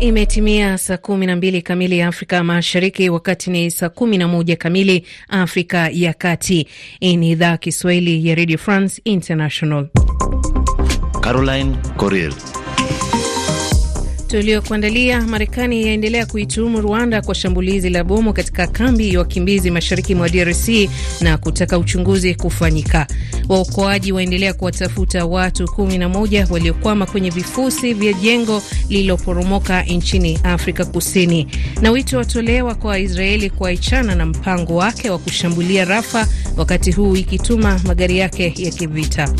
Imetimia saa kumi na mbili kamili Afrika Mashariki, wakati ni saa kumi na moja kamili Afrika ya Kati. Hii ni idhaa Kiswahili ya Radio France International. Caroline Coril Tuliokuandalia: Marekani yaendelea kuituhumu Rwanda kwa shambulizi la bomu katika kambi ya wakimbizi mashariki mwa DRC na kutaka uchunguzi kufanyika. Waokoaji waendelea kuwatafuta watu 11 waliokwama kwenye vifusi vya jengo lililoporomoka nchini Afrika Kusini. Na wito watolewa kwa Israeli kuachana na mpango wake wa kushambulia Rafa wakati huu ikituma magari yake ya kivita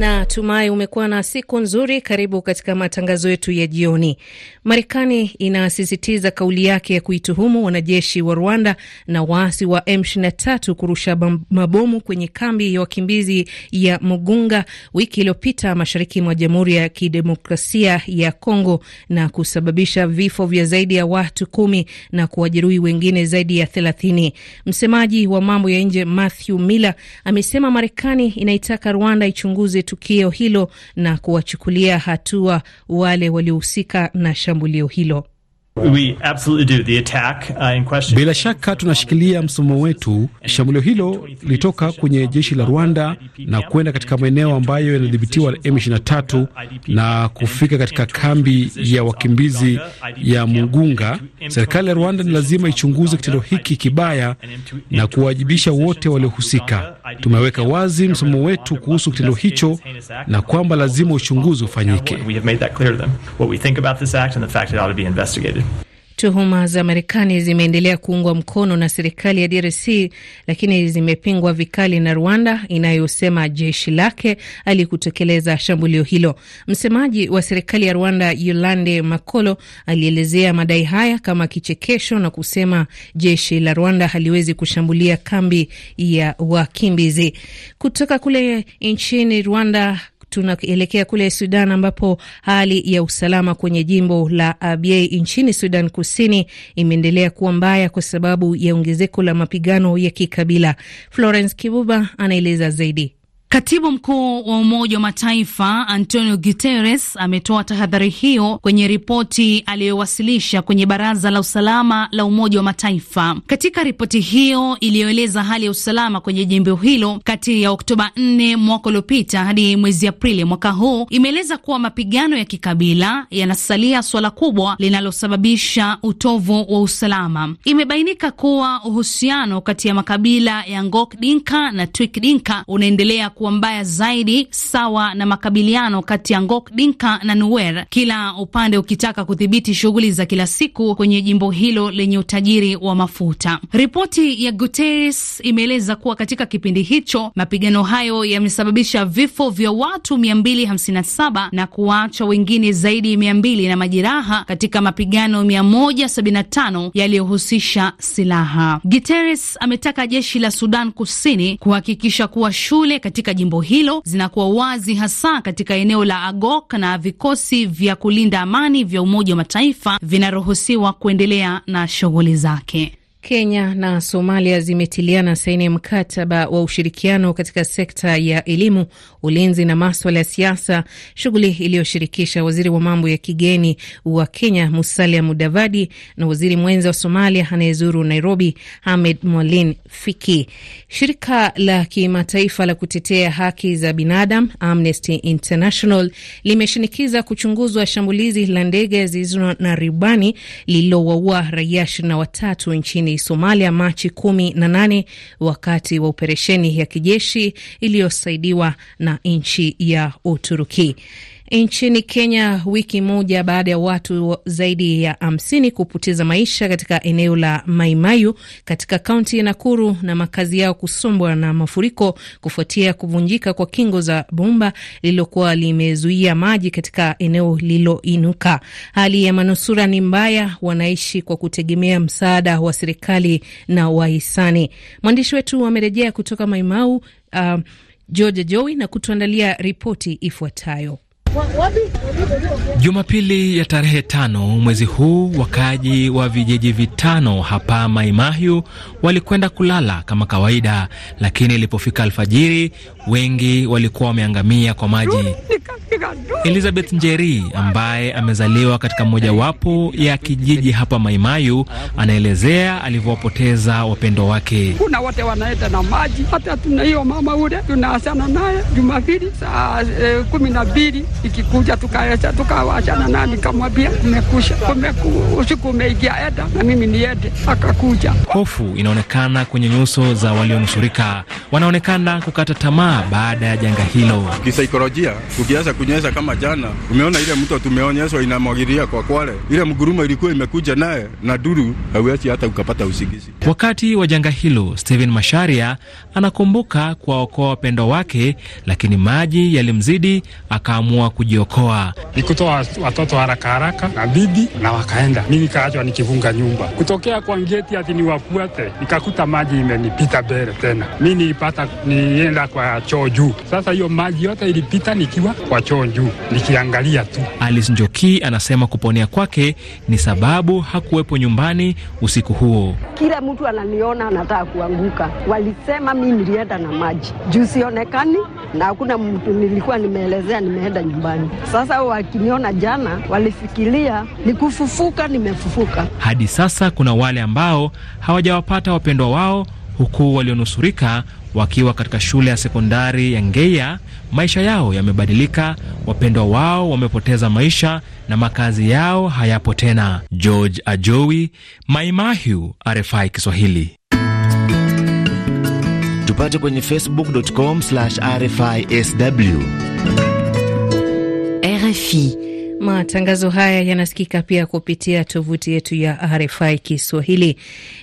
na tumai umekuwa na siku nzuri. Karibu katika matangazo yetu ya jioni. Marekani inasisitiza kauli yake ya kuituhumu wanajeshi wa Rwanda na waasi wa M23 kurusha mabomu kwenye kambi ya wakimbizi ya Mugunga wiki iliyopita mashariki mwa Jamhuri ya Kidemokrasia ya Kongo na kusababisha vifo vya zaidi ya watu kumi na kuwajeruhi wengine zaidi ya thelathini. Msemaji wa mambo ya nje Matthew Miller amesema Marekani inaitaka Rwanda ichunguze tukio hilo na kuwachukulia hatua wale waliohusika na shambulio hilo. Uh, Bila shaka tunashikilia msimamo wetu. Shambulio hilo lilitoka kwenye jeshi la Rwanda na kwenda katika maeneo ambayo yanadhibitiwa na M23 na kufika katika kambi ya wakimbizi ya Mugunga. Serikali ya Rwanda ni lazima ichunguze kitendo hiki kibaya na kuwajibisha wote waliohusika. Tumeweka wazi msimamo wetu kuhusu kitendo hicho na kwamba lazima uchunguzi ufanyike. Tuhuma za Marekani zimeendelea kuungwa mkono na serikali ya DRC, lakini zimepingwa vikali na Rwanda inayosema jeshi lake alikutekeleza shambulio hilo. Msemaji wa serikali ya Rwanda Yolande Makolo alielezea madai haya kama kichekesho na kusema jeshi la Rwanda haliwezi kushambulia kambi ya wakimbizi kutoka kule nchini Rwanda tunaelekea kule Sudan ambapo hali ya usalama kwenye jimbo la Abyei nchini Sudan Kusini imeendelea kuwa mbaya kwa sababu ya ongezeko la mapigano ya kikabila. Florence Kibuba anaeleza zaidi. Katibu mkuu wa Umoja wa Mataifa Antonio Guterres ametoa tahadhari hiyo kwenye ripoti aliyowasilisha kwenye Baraza la Usalama la Umoja wa Mataifa. Katika ripoti hiyo iliyoeleza hali ya usalama kwenye jimbo hilo kati ya Oktoba 4 mwaka uliopita hadi mwezi Aprili mwaka huu, imeeleza kuwa mapigano ya kikabila yanasalia suala kubwa linalosababisha utovu wa usalama. Imebainika kuwa uhusiano kati ya makabila ya Ngok Dinka na Twik Dinka unaendelea kuwa mbaya zaidi, sawa na makabiliano kati ya Ngok Dinka na Nuer, kila upande ukitaka kudhibiti shughuli za kila siku kwenye jimbo hilo lenye utajiri wa mafuta. Ripoti ya Guterres imeeleza kuwa katika kipindi hicho mapigano hayo yamesababisha vifo vya watu 257 na kuwaacha wengine zaidi ya 200 na majeraha katika mapigano 175 yaliyohusisha silaha. Guterres ametaka jeshi la Sudan Kusini kuhakikisha kuwa shule katika katika jimbo hilo zinakuwa wazi, hasa katika eneo la Agok, na vikosi vya kulinda amani vya Umoja wa Mataifa vinaruhusiwa kuendelea na shughuli zake. Kenya na Somalia zimetiliana saini ya mkataba wa ushirikiano katika sekta ya elimu, ulinzi na maswala ya siasa, shughuli iliyoshirikisha waziri wa mambo ya kigeni wa Kenya Musalia Mudavadi na waziri mwenza wa Somalia anayezuru Nairobi Hamed Mwalin Fiki. Shirika la kimataifa la kutetea haki za binadamu Amnesty International limeshinikiza kuchunguzwa shambulizi la ndege zilizo na ribani lililowaua raia ishirini na watatu nchini nchini Somalia Machi kumi na nane wakati wa operesheni ya kijeshi iliyosaidiwa na nchi ya Uturuki. Nchini Kenya, wiki moja baada ya watu zaidi ya hamsini kupoteza maisha katika eneo la Maimayu katika kaunti ya Nakuru na makazi yao kusombwa na mafuriko kufuatia kuvunjika kwa kingo za bomba lililokuwa limezuia maji katika eneo lililoinuka. Hali ya manusura ni mbaya, wanaishi kwa kutegemea msaada wa serikali na wahisani. Mwandishi wetu amerejea kutoka Maimau, uh, George Joi na kutuandalia ripoti ifuatayo. Jumapili ya tarehe tano mwezi huu, wakaaji wa vijiji vitano hapa Maimahyu walikwenda kulala kama kawaida, lakini ilipofika alfajiri wengi walikuwa wameangamia kwa maji. Elizabeth Njeri ambaye amezaliwa katika mojawapo ya kijiji hapa Maimayu anaelezea alivyowapoteza wapendwa wake. Kuna wote wanaenda na maji, hata tuna hiyo mama ule tunaachana naye Jumapili saa e, kumi na mbili ikikuja tukaecha tukawachana naye, nikamwambia kumekusha, usiku umeingia, eda na mimi niende, akakuja. Hofu inaonekana kwenye nyuso za walionusurika, wanaonekana kukata tamaa tamaa baada ya janga hilo. Kisaikolojia, ukianza kunyesha kama jana, umeona ile mto tumeonyeshwa inamwagilia kwa Kwale, ile mguruma ilikuwa imekuja naye na duru, hauachi hata ukapata usingizi. Wakati wa janga hilo, Steven Masharia anakumbuka kuwaokoa wapendwa wake, lakini maji yalimzidi, akaamua kujiokoa. Nikutoa watoto haraka haraka na bibi na wakaenda, mi nikaachwa nikivunga nyumba kutokea kwa ngeti, ati niwafuate, nikakuta maji imenipita mbele tena, mi nilipata nienda kwa choo juu. Sasa hiyo maji yote ilipita nikiwa kwa choo juu, nikiangalia tu. Alice Njoki anasema kuponea kwake ni sababu hakuwepo nyumbani usiku huo. Kila mtu ananiona anataka kuanguka, walisema mi nilienda na maji juu sionekani, na hakuna mtu nilikuwa nimeelezea nimeenda nyumbani. Sasa wakiniona jana, walifikiria ni kufufuka, nimefufuka. Hadi sasa kuna wale ambao hawajawapata wapendwa wao, huku walionusurika Wakiwa katika shule ya sekondari ya Ngeya, maisha yao yamebadilika, wapendwa wao wamepoteza maisha na makazi yao hayapo tena. George Ajowi, Maimahiu, RFI Kiswahili. Tupate kwenye facebook.com/rfisw. RFI Matangazo haya yanasikika pia kupitia tovuti yetu ya RFI Kiswahili.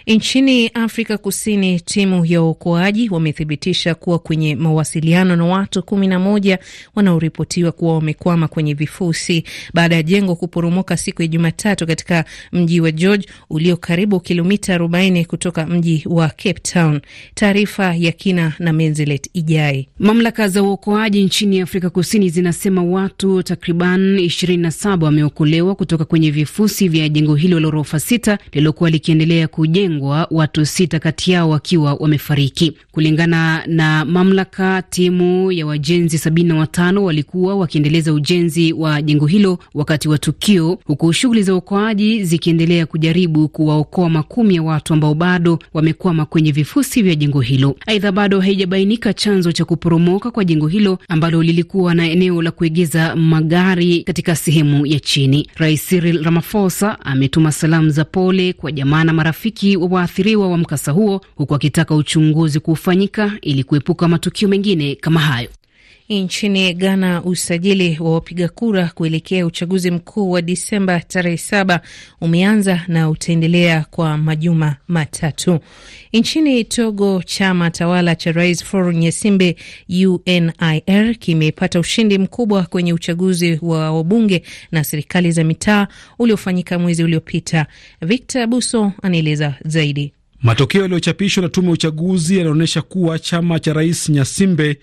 Nchini Afrika Kusini, timu ya uokoaji wamethibitisha kuwa kwenye mawasiliano na watu kumi na moja wanaoripotiwa kuwa wamekwama kwenye vifusi baada ya jengo kuporomoka siku ya Jumatatu katika mji wa George ulio karibu kilomita 40 kutoka mji wa Cape Town. Taarifa ya kina na Menzelet Ijai. Mamlaka za uokoaji nchini Afrika Kusini zinasema watu takriban 20 47 wameokolewa kutoka kwenye vifusi vya jengo hilo la ghorofa sita lililokuwa likiendelea kujengwa, watu sita kati yao wakiwa wamefariki. Kulingana na mamlaka, timu ya wajenzi 75 walikuwa wakiendeleza ujenzi wa jengo hilo wakati wa tukio, huku shughuli za uokoaji zikiendelea kujaribu kuwaokoa makumi ya watu ambao bado wamekwama kwenye vifusi vya jengo hilo. Aidha, bado haijabainika chanzo cha kuporomoka kwa jengo hilo ambalo lilikuwa na eneo la kuegeza magari katika sehemu sehemu ya chini. Rais Cyril Ramaphosa ametuma salamu za pole kwa jamaa na marafiki wa waathiriwa wa mkasa huo, huku akitaka uchunguzi kufanyika ili kuepuka matukio mengine kama hayo. Nchini Ghana, usajili wa wapiga kura kuelekea uchaguzi mkuu wa Disemba tarehe saba umeanza na utaendelea kwa majuma matatu. Nchini Togo, chama tawala cha Rais Faure Nyesimbe UNIR kimepata ushindi mkubwa kwenye uchaguzi wa wabunge na serikali za mitaa uliofanyika mwezi uliopita. Victor Buso anaeleza zaidi. Matokeo yaliyochapishwa na tume ya uchaguzi yanaonyesha kuwa chama cha Rais Nyasimbe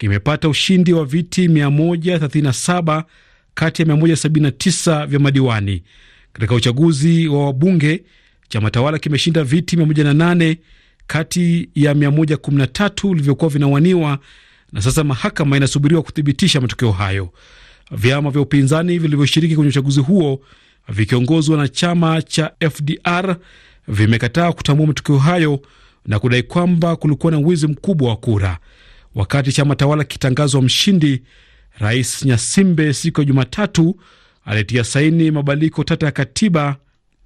kimepata ushindi wa viti 137 kati ya 179 vya madiwani. Katika uchaguzi wa wabunge, chama tawala kimeshinda viti 108 kati ya 113 vilivyokuwa vinawaniwa, na sasa mahakama inasubiriwa kuthibitisha matokeo hayo. Vyama vya upinzani vilivyoshiriki kwenye uchaguzi huo vikiongozwa na chama cha FDR vimekataa kutambua matokeo hayo na kudai kwamba kulikuwa na wizi mkubwa wa kura. Wakati chama tawala kitangazwa mshindi, Rais Nyasimbe siku ya Jumatatu alitia saini mabadiliko tata ya katiba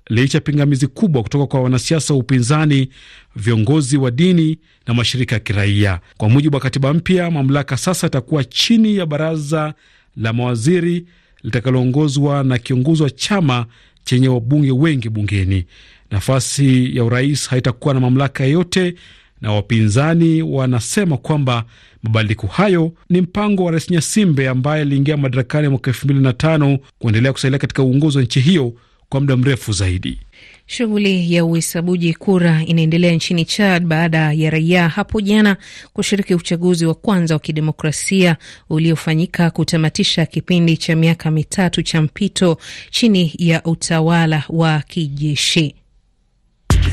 licha pingamizi kubwa kutoka kwa wanasiasa wa upinzani, viongozi wa dini na mashirika ya kiraia. Kwa mujibu wa katiba mpya, mamlaka sasa itakuwa chini ya baraza la mawaziri litakaloongozwa na kiongozi wa chama chenye wabunge wengi bungeni. Nafasi ya urais haitakuwa na mamlaka yote na wapinzani wanasema kwamba mabadiliko hayo ni mpango wa Rais Nyasimbe ambaye aliingia madarakani mwaka elfu mbili na tano kuendelea kusalia katika uongozi wa nchi hiyo kwa muda mrefu zaidi. Shughuli ya uhesabuji kura inaendelea nchini Chad baada ya raia hapo jana kushiriki uchaguzi wa kwanza wa kidemokrasia uliofanyika kutamatisha kipindi cha miaka mitatu cha mpito chini ya utawala wa kijeshi.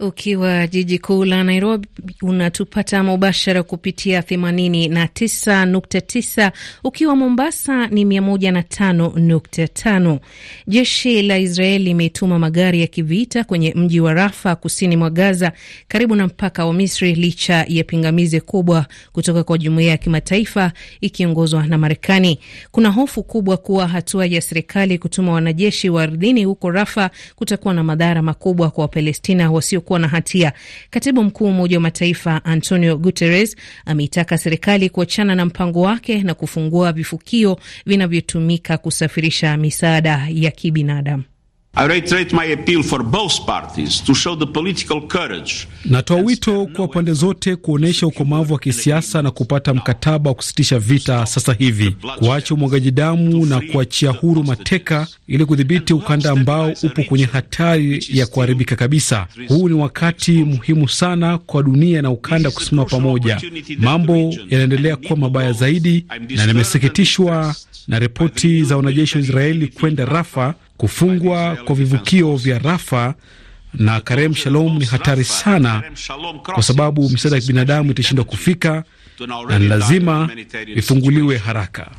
Ukiwa jiji kuu la Nairobi unatupata mubashara kupitia 89.9. Ukiwa Mombasa ni 105.5. Jeshi la Israel limetuma magari ya kivita kwenye mji wa Rafa kusini mwa Gaza, karibu na mpaka wa Misri, licha ya pingamizi kubwa kutoka kwa jumuiya ya kimataifa ikiongozwa na Marekani. Kuna hofu kubwa kuwa hatua ya serikali kutuma wanajeshi wa ardhini huko Rafa kutakuwa na madhara makubwa kwa Wapalestina wasio kuwa na hatia. Katibu mkuu wa Umoja wa Mataifa Antonio Guterres ameitaka serikali kuachana na mpango wake na kufungua vifukio vinavyotumika kusafirisha misaada ya kibinadamu. I reiterate my appeal for both parties to show the political courage. Natoa wito kwa pande zote kuonyesha ukomavu wa kisiasa na kupata mkataba wa kusitisha vita sasa hivi, kuacha umwagaji damu na kuachia huru mateka ili kudhibiti ukanda ambao upo kwenye hatari ya kuharibika kabisa. Huu ni wakati muhimu sana kwa dunia na ukanda kusimama pamoja. Mambo yanaendelea kuwa mabaya zaidi, na nimesikitishwa na ripoti za wanajeshi wa Israeli kwenda Rafa Kufungwa kwa vivukio vya Rafa na Karem Shalom ni hatari sana, kwa sababu misaada ya kibinadamu itashindwa kufika na ni lazima ifunguliwe haraka.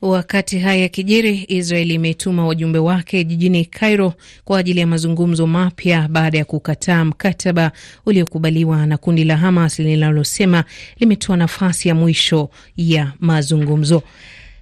Wakati haya yakijiri, Israeli imetuma wajumbe wake jijini Cairo kwa ajili ya mazungumzo mapya baada ya kukataa mkataba uliokubaliwa na kundi la Hamas linalosema limetoa nafasi ya mwisho ya mazungumzo.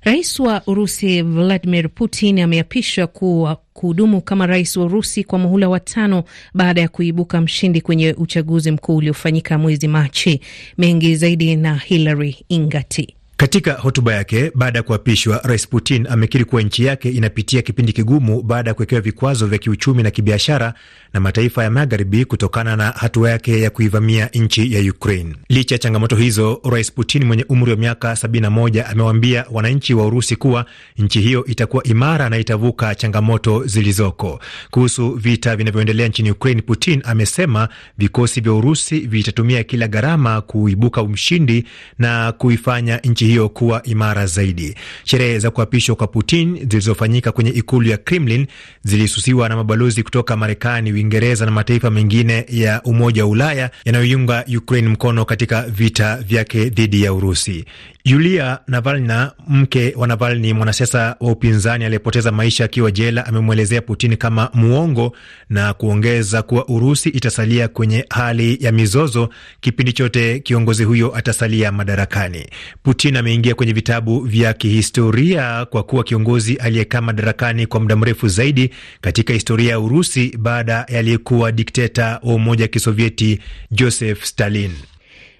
Rais wa Urusi Vladimir Putin ameapishwa kuwa kuhudumu kama rais wa Urusi kwa muhula wa tano baada ya kuibuka mshindi kwenye uchaguzi mkuu uliofanyika mwezi Machi. Mengi zaidi na Hilary Ingati. Katika hotuba yake baada ya kuapishwa, Rais Putin amekiri kuwa nchi yake inapitia kipindi kigumu baada ya kuwekewa vikwazo vya kiuchumi na kibiashara na mataifa ya magharibi kutokana na hatua yake ya kuivamia nchi ya Ukraine. Licha ya changamoto hizo, Rais Putin mwenye umri wa miaka 71 amewaambia wananchi wa Urusi kuwa nchi hiyo itakuwa imara na itavuka changamoto zilizoko. Kuhusu vita vinavyoendelea nchini Ukraine, Putin amesema vikosi vya Urusi vitatumia kila gharama kuibuka mshindi na kuifanya nchi hiyo kuwa imara zaidi. Sherehe za kuapishwa kwa Putin zilizofanyika kwenye ikulu ya Kremlin zilisusiwa na mabalozi kutoka Marekani, Uingereza na mataifa mengine ya Umoja wa Ulaya yanayoiunga Ukraine mkono katika vita vyake dhidi ya Urusi. Yulia Navalna, mke wa Navalni, mwanasiasa wa upinzani aliyepoteza maisha akiwa jela, amemwelezea Putin kama muongo na kuongeza kuwa Urusi itasalia kwenye hali ya mizozo kipindi chote kiongozi huyo atasalia madarakani. Putin ameingia kwenye vitabu vya kihistoria kwa kuwa kiongozi aliyekaa madarakani kwa muda mrefu zaidi katika historia ya Urusi baada ya aliyekuwa dikteta wa Umoja wa Kisovieti Joseph Stalin.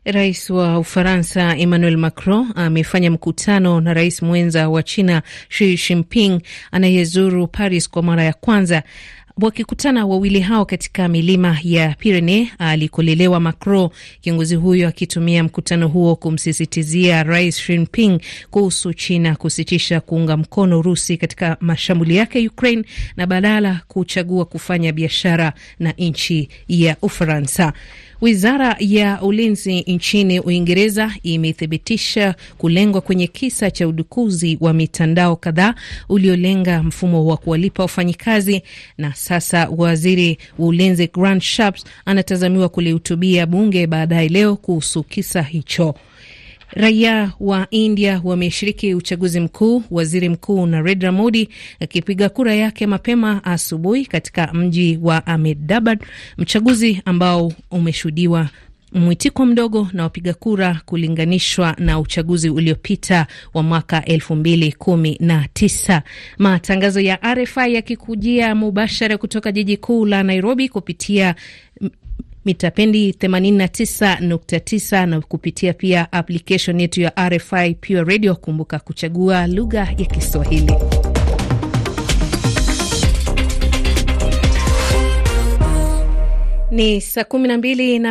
Rais wa Ufaransa Emmanuel Macron amefanya mkutano na rais mwenza wa China Xi Jinping anayezuru Paris kwa mara ya kwanza wakikutana wawili hao katika milima ya Pirene alikolelewa macro kiongozi huyo akitumia mkutano huo kumsisitizia Rais Xi Jinping kuhusu China kusitisha kuunga mkono Urusi katika mashambuli yake Ukraine na badala kuchagua kufanya biashara na nchi ya Ufaransa. Wizara ya ulinzi nchini Uingereza imethibitisha kulengwa kwenye kisa cha udukuzi wa mitandao kadhaa uliolenga mfumo wa kuwalipa wafanyikazi, na sasa waziri wa ulinzi Grant Shapps anatazamiwa kulihutubia bunge baadaye leo kuhusu kisa hicho. Raia wa India wameshiriki uchaguzi mkuu, waziri mkuu Narendra Modi akipiga kura yake mapema asubuhi katika mji wa Ahmedabad, mchaguzi ambao umeshuhudiwa mwitiko mdogo na wapiga kura kulinganishwa na uchaguzi uliopita wa mwaka elfu mbili kumi na tisa. Matangazo ya RFI yakikujia mubashara kutoka jiji kuu la Nairobi kupitia mita pendi 89.9 na kupitia pia application yetu ya RFI Pure Radio. Kumbuka kuchagua lugha ya Kiswahili. Ni saa 12 na